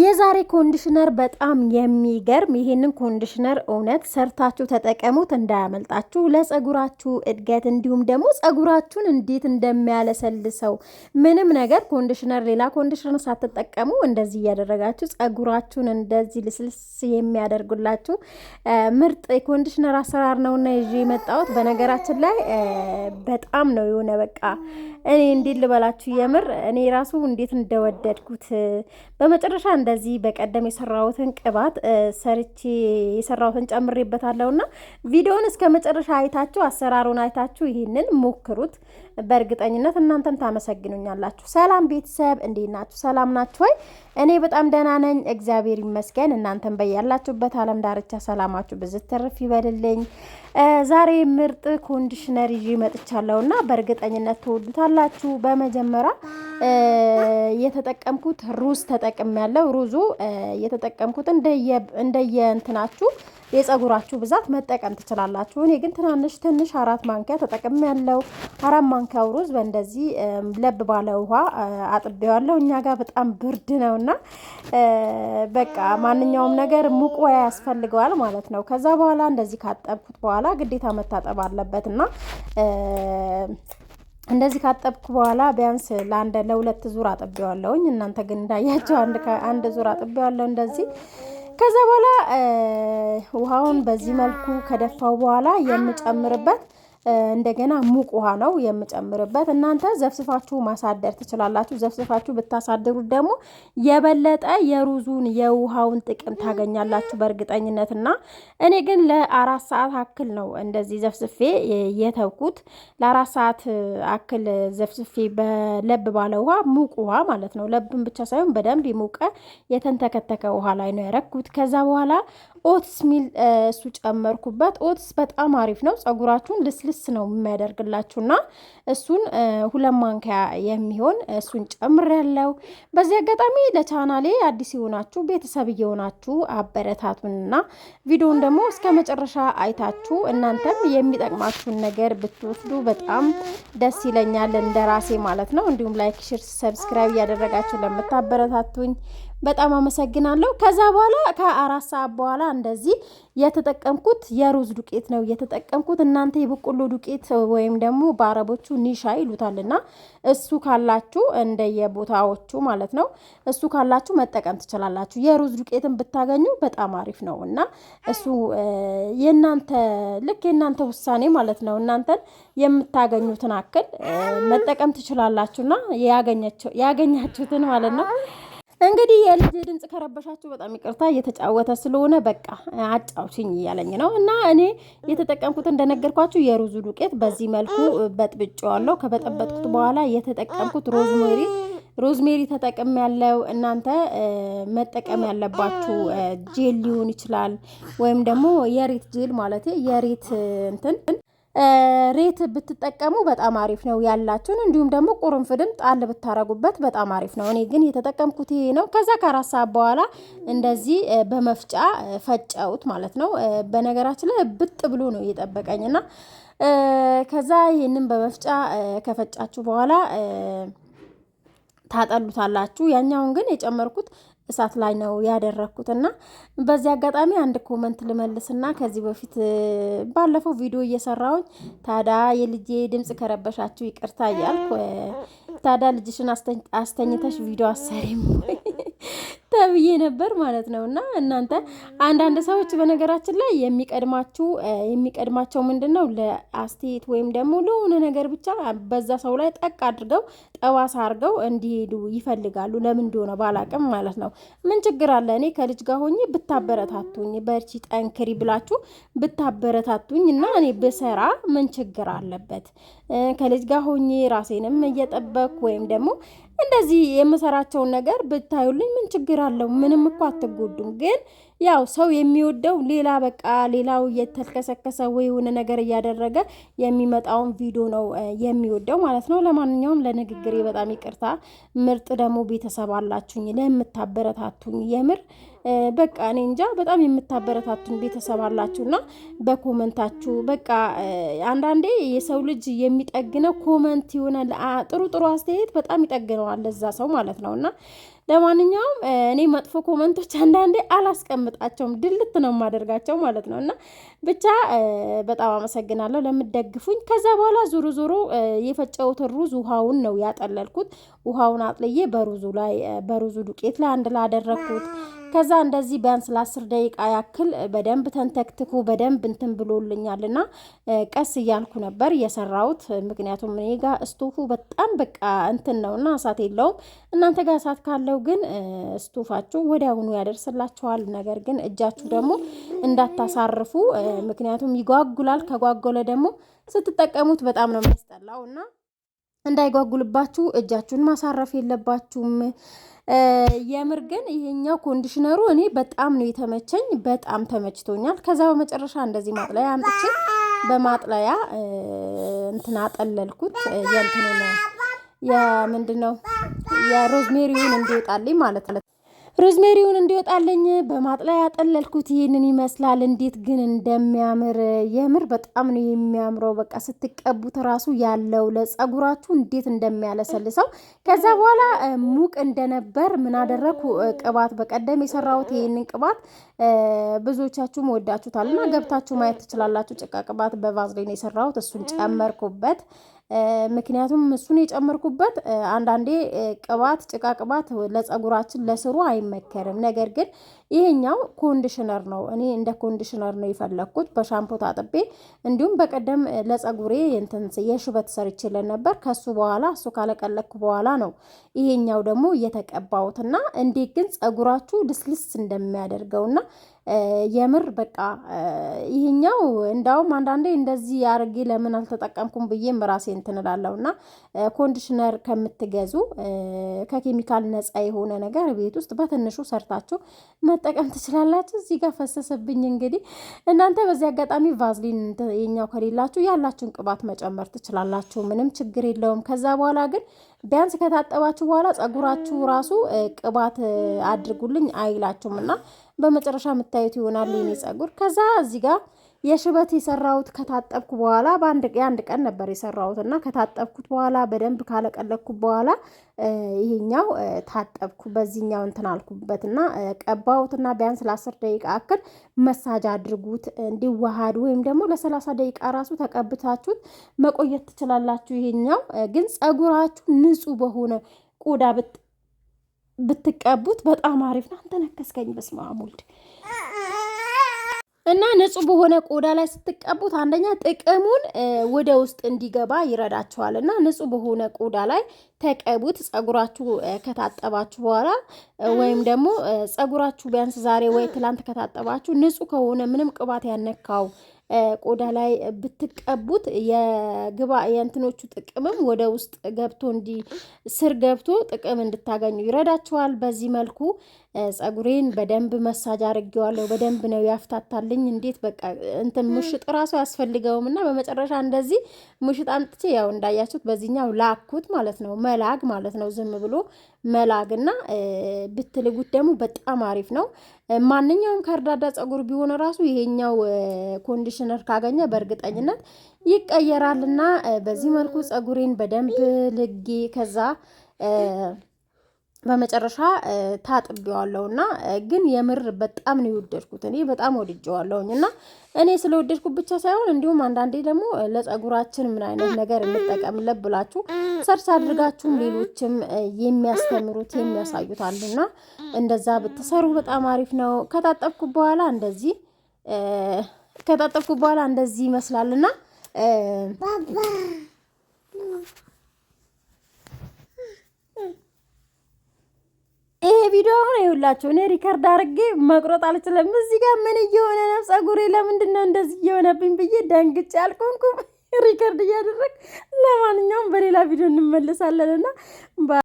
የዛሬ ኮንዲሽነር በጣም የሚገርም ይሄንን ኮንዲሽነር እውነት ሰርታችሁ ተጠቀሙት፣ እንዳያመልጣችሁ ለጸጉራችሁ እድገት እንዲሁም ደግሞ ጸጉራችሁን እንዴት እንደሚያለሰልሰው ምንም ነገር ኮንዲሽነር ሌላ ኮንዲሽነር ሳትጠቀሙ እንደዚህ እያደረጋችሁ ጸጉራችሁን እንደዚህ ልስልስ የሚያደርጉላችሁ ምርጥ የኮንዲሽነር አሰራር ነውና ይዤ የመጣሁት። በነገራችን ላይ በጣም ነው የሆነ በቃ እኔ እንዴት ልበላችሁ የምር እኔ ራሱ እንዴት እንደወደድኩት በመጨረሻ እንደዚህ በቀደም የሰራሁትን ቅባት ሰርቼ የሰራሁትን ጨምሬበታለሁና ቪዲዮውን እስከ መጨረሻ አይታችሁ አሰራሩን አይታችሁ ይህንን ሞክሩት። በእርግጠኝነት እናንተም ታመሰግኑኛላችሁ። ሰላም ቤተሰብ፣ እንዴት ናችሁ? ሰላም ናችሁ ወይ? እኔ በጣም ደህና ነኝ፣ እግዚአብሔር ይመስገን። እናንተም በያላችሁበት ዓለም ዳርቻ ሰላማችሁ ብዝት ትርፍ ይበልልኝ። ዛሬ ምርጥ ኮንዲሽነር ይዤ መጥቻለሁና በእርግጠኝነት ትወዱታላችሁ። በመጀመሪያ የተጠቀምኩት ሩዝ ተጠቅም ያለው ሩዙ የተጠቀምኩት እንደየ እንትናችሁ የጸጉራችሁ ብዛት መጠቀም ትችላላችሁ። እኔ ግን ትናንሽ ትንሽ አራት ማንኪያ ተጠቅም ያለው አራት ማንኪያው ሩዝ በእንደዚህ ለብ ባለ ውሃ አጥቤዋለሁ። እኛ ጋር በጣም ብርድ ነው እና በቃ ማንኛውም ነገር ሙቅ ያስፈልገዋል ማለት ነው። ከዛ በኋላ እንደዚህ ካጠብኩት በኋላ ግዴታ መታጠብ አለበት እና እንደዚህ ካጠብኩ በኋላ ቢያንስ ለአንድ ለሁለት ዙር አጥቤዋለሁኝ። እናንተ ግን እንዳያቸው አንድ ዙር አጥቤዋለሁ እንደዚህ። ከዛ በኋላ ውሃውን በዚህ መልኩ ከደፋው በኋላ የምጨምርበት እንደገና ሙቅ ውሃ ነው የምጨምርበት። እናንተ ዘፍስፋችሁ ማሳደር ትችላላችሁ። ዘፍስፋችሁ ብታሳድሩት ደግሞ የበለጠ የሩዙን የውሃውን ጥቅም ታገኛላችሁ በእርግጠኝነት እና እኔ ግን ለአራት ሰዓት አክል ነው እንደዚህ ዘፍስፌ የተውኩት። ለአራት ሰዓት አክል ዘፍስፌ በለብ ባለ ውሃ ሙቅ ውሃ ማለት ነው። ለብን ብቻ ሳይሆን በደንብ የሞቀ የተንተከተከ ውሃ ላይ ነው ያረኩት። ከዛ በኋላ ኦትስ ሚል እሱ ጨመርኩበት። ኦትስ በጣም አሪፍ ነው፣ ጸጉራችሁን ልስልስ ነው የሚያደርግላችሁና እሱን ሁለት ማንኪያ የሚሆን እሱን ጨምሬያለሁ። በዚህ አጋጣሚ ለቻናሌ አዲስ የሆናችሁ ቤተሰብ እየሆናችሁ አበረታቱንና ቪዲዮን ደግሞ እስከ መጨረሻ አይታችሁ እናንተም የሚጠቅማችሁን ነገር ብትወስዱ በጣም ደስ ይለኛል፣ እንደራሴ ማለት ነው። እንዲሁም ላይክ፣ ሽር፣ ሰብስክራይብ እያደረጋችሁ ለምታበረታቱኝ በጣም አመሰግናለሁ። ከዛ በኋላ ከአራት ሰዓት በኋላ እንደዚህ የተጠቀምኩት የሩዝ ዱቄት ነው የተጠቀምኩት። እናንተ የበቆሎ ዱቄት ወይም ደግሞ በአረቦቹ ኒሻ ይሉታልና እሱ ካላችሁ እንደየቦታዎቹ ማለት ነው እሱ ካላችሁ መጠቀም ትችላላችሁ። የሩዝ ዱቄትን ብታገኙ በጣም አሪፍ ነው እና እሱ የእናንተ ልክ የእናንተ ውሳኔ ማለት ነው እናንተን የምታገኙትን አክል መጠቀም ትችላላችሁና ያገኛችሁትን ማለት ነው እንግዲህ የልጅ ድምፅ ከረበሻችሁ በጣም ይቅርታ፣ እየተጫወተ ስለሆነ በቃ አጫውችኝ እያለኝ ነው። እና እኔ የተጠቀምኩት እንደነገርኳችሁ የሩዙ ዱቄት በዚህ መልኩ በጥብጬዋለሁ። ከበጠበጥኩት በኋላ የተጠቀምኩት ሮዝሜሪ ሮዝሜሪ ተጠቅም ያለው እናንተ መጠቀም ያለባችሁ ጄል ሊሆን ይችላል፣ ወይም ደግሞ የሬት ጄል ማለት የሪት እንትን ሬት ብትጠቀሙ በጣም አሪፍ ነው ያላችሁን። እንዲሁም ደግሞ ቁርንፍድም ጣል ብታረጉበት በጣም አሪፍ ነው። እኔ ግን የተጠቀምኩት ይሄ ነው። ከዛ ከአራት ሰዓት በኋላ እንደዚህ በመፍጫ ፈጨውት ማለት ነው። በነገራችን ላይ ብጥ ብሎ ነው እየጠበቀኝና ከዛ ይህንን በመፍጫ ከፈጫችሁ በኋላ ታጠሉታላችሁ። ያኛውን ግን የጨመርኩት እሳት ላይ ነው ያደረግኩት እና በዚህ አጋጣሚ አንድ ኮመንት ልመልስና ከዚህ በፊት ባለፈው ቪዲዮ እየሰራውኝ ታዳ የልጄ ድምፅ ከረበሻችሁ ይቅርታ እያልኩ ታዳ ልጅሽን አስተኝተሽ ቪዲዮ አሰሪም ተብዬ ነበር ማለት ነው። እና እናንተ አንዳንድ ሰዎች በነገራችን ላይ የሚቀድማችሁ የሚቀድማቸው ምንድን ነው ለአስቴት ወይም ደግሞ ለሆነ ነገር ብቻ በዛ ሰው ላይ ጠቅ አድርገው ጠባሳ አድርገው እንዲሄዱ ይፈልጋሉ። ለምን እንደሆነ ባላቅም ማለት ነው። ምን ችግር አለ? እኔ ከልጅ ጋር ሆኜ ብታበረታቱኝ፣ በርቺ ጠንክሪ ብላችሁ ብታበረታቱኝ እና እኔ ብሰራ ምን ችግር አለበት? ከልጅ ጋር ሆኜ ራሴንም እየጠበኩ ወይም ደግሞ እንደዚህ የምሰራቸውን ነገር ብታዩልኝ ምን ችግር አለው? ምንም እኮ አትጎዱም። ግን ያው ሰው የሚወደው ሌላ በቃ ሌላው እየተልከሰከሰ ወይ የሆነ ነገር እያደረገ የሚመጣውን ቪዲዮ ነው የሚወደው ማለት ነው። ለማንኛውም ለንግግሬ በጣም ይቅርታ። ምርጥ ደግሞ ቤተሰብ አላችሁኝ ለምታበረታቱኝ የምር በቃ እኔ እንጃ በጣም የምታበረታቱን ቤተሰብ አላችሁና በኮመንታችሁ በቃ አንዳንዴ የሰው ልጅ የሚጠግነው ኮመንት የሆነ ጥሩ ጥሩ አስተያየት በጣም ይጠግነዋል ለዛ ሰው ማለት ነው እና ለማንኛውም እኔ መጥፎ ኮመንቶች አንዳንዴ አላስቀምጣቸውም፣ ድልት ነው የማደርጋቸው ማለት ነው። እና ብቻ በጣም አመሰግናለሁ ለምደግፉኝ። ከዛ በኋላ ዞሮ ዞሮ የፈጨውትን ሩዝ ውሃውን ነው ያጠለልኩት። ውሃውን አጥልዬ በሩዙ ላይ በሩዙ ዱቄት ላይ አንድ ላደረግኩት። ከዛ እንደዚህ ቢያንስ ለአስር ደቂቃ ያክል በደንብ ተንተክትኩ በደንብ እንትን ብሎልኛል ቀስ እያልኩ ነበር የሰራሁት። ምክንያቱም እኔ ጋ እስቶፉ በጣም በቃ እንትን ነው እና እሳት የለውም። እናንተ ጋር እሳት ካለው ግን እስቶፋችሁ ወዲያውኑ ያደርስላችኋል። ነገር ግን እጃችሁ ደግሞ እንዳታሳርፉ፣ ምክንያቱም ይጓጉላል። ከጓጎለ ደግሞ ስትጠቀሙት በጣም ነው የሚያስጠላው እና እንዳይጓጉልባችሁ እጃችሁን ማሳረፍ የለባችሁም። የምር ግን ይሄኛው ኮንዲሽነሩ እኔ በጣም ነው የተመቸኝ፣ በጣም ተመችቶኛል። ከዛ በመጨረሻ እንደዚህ ማጥለያ አምጥቼ በማጥለያ እንትን አጠለልኩት የእንትን የምንድን ነው የሮዝሜሪውን እንዲወጣልኝ ማለት ነው። ሮዝሜሪውን እንዲወጣለኝ በማጥለያ ያጠለልኩት ይህንን ይመስላል። እንዴት ግን እንደሚያምር የምር በጣም ነው የሚያምረው። በቃ ስትቀቡት ራሱ ያለው ለጸጉራችሁ እንዴት እንደሚያለሰልሰው። ከዛ በኋላ ሙቅ እንደነበር ምን አደረግኩ ቅባት፣ በቀደም የሰራሁት ይህንን ቅባት ብዙዎቻችሁም ወዳችሁታልና ገብታችሁ ማየት ትችላላችሁ። ጭቃ ቅባት በቫዝሊን የሰራሁት እሱን ጨመርኩበት። ምክንያቱም እሱን የጨመርኩበት አንዳንዴ ቅባት ጭቃ ቅባት ለጸጉራችን ለስሩ አይመከርም። ነገር ግን ይሄኛው ኮንዲሽነር ነው። እኔ እንደ ኮንዲሽነር ነው የፈለግኩት በሻምፖ ታጥቤ። እንዲሁም በቀደም ለጸጉሬ የንትንስ የሽበት ሰርችልን ነበር። ከሱ በኋላ እሱ ካለቀለኩ በኋላ ነው ይሄኛው ደግሞ እየተቀባሁትና እንዴት ግን ጸጉራችሁ ልስልስ እንደሚያደርገውና የምር በቃ ይህኛው እንዳውም አንዳንዴ እንደዚህ አርጌ ለምን አልተጠቀምኩም ብዬም ራሴ እንትንላለው እና ኮንዲሽነር ከምትገዙ ከኬሚካል ነፃ የሆነ ነገር ቤት ውስጥ በትንሹ ሰርታችሁ መጠቀም ትችላላችሁ። እዚህ ጋር ፈሰሰብኝ እንግዲህ እናንተ በዚህ አጋጣሚ ቫዝሊን የኛው ከሌላችሁ ያላችሁን ቅባት መጨመር ትችላላችሁ። ምንም ችግር የለውም። ከዛ በኋላ ግን ቢያንስ ከታጠባችሁ በኋላ ጸጉራችሁ ራሱ ቅባት አድርጉልኝ አይላችሁም እና በመጨረሻ የምታዩት ይሆናል የኔ ጸጉር። ከዛ እዚህ ጋር የሽበት የሰራሁት ከታጠብኩ በኋላ የአንድ ቀን ነበር የሰራሁት እና ከታጠብኩት በኋላ በደንብ ካለቀለኩት በኋላ ይሄኛው ታጠብኩ። በዚህኛው እንትን አልኩበት እና ቀባሁት እና ቢያንስ ለአስር ደቂቃ አክል መሳጅ አድርጉት እንዲዋሃድ ወይም ደግሞ ለሰላሳ ደቂቃ ራሱ ተቀብታችሁት መቆየት ትችላላችሁ። ይሄኛው ግን ጸጉራችሁ ንጹህ በሆነ ቆዳ ብትቀቡት በጣም አሪፍ ነው። አንተ ነከስከኝ። በስመ አብ ወልድ እና ንጹህ በሆነ ቆዳ ላይ ስትቀቡት አንደኛ ጥቅሙን ወደ ውስጥ እንዲገባ ይረዳችኋል። እና ንጹህ በሆነ ቆዳ ላይ ተቀቡት። ጸጉራችሁ ከታጠባችሁ በኋላ ወይም ደግሞ ጸጉራችሁ ቢያንስ ዛሬ ወይ ትላንት ከታጠባችሁ ንጹህ ከሆነ ምንም ቅባት ያነካው ቆዳ ላይ ብትቀቡት የግባ የእንትኖቹ ጥቅምም ወደ ውስጥ ገብቶ እንዲ ስር ገብቶ ጥቅም እንድታገኙ ይረዳችኋል። በዚህ መልኩ ጸጉሬን በደንብ መሳጅ አድርጌዋለሁ። በደንብ ነው ያፍታታልኝ። እንዴት በቃ እንትን ምሽጥ ራሱ ያስፈልገውም እና በመጨረሻ እንደዚህ ምሽጥ አምጥቼ ያው እንዳያችሁት በዚህኛው ላኩት ማለት ነው። መላግ ማለት ነው ዝም ብሎ እና ብትልጉት ደግሞ በጣም አሪፍ ነው። ማንኛውም ከእርዳዳ ጸጉር ቢሆን ራሱ ይሄኛው ኮንዲሽነር ካገኘ በእርግጠኝነት ይቀየራል እና በዚህ መልኩ ጸጉሬን በደንብ ልጌ ከዛ በመጨረሻ ታጥቤዋለሁ እና ግን የምር በጣም ነው የወደድኩት። እኔ በጣም ወድጀዋለሁኝ እና እኔ ስለወደድኩ ብቻ ሳይሆን እንዲሁም አንዳንዴ ደግሞ ለጸጉራችን ምን አይነት ነገር እንጠቀምለት ብላችሁ ሰርስ አድርጋችሁም ሌሎችም የሚያስተምሩት የሚያሳዩት አሉና እንደዛ ብትሰሩ በጣም አሪፍ ነው። ከታጠብኩ በኋላ እንደዚህ ከታጠብኩ በኋላ እንደዚህ ይመስላልና ቪዲዮ አሁን ይኸውላችሁ እኔ ሪከርድ አድርጌ መቁረጥ አልችልም። እዚህ ጋር ምን እየሆነ ነው? ጸጉሬ ለምንድን ነው እንደዚህ እየሆነብኝ ብዬ ደንግጬ አልቆምኩም ሪከርድ እያደረግ። ለማንኛውም በሌላ ቪዲዮ እንመለሳለንና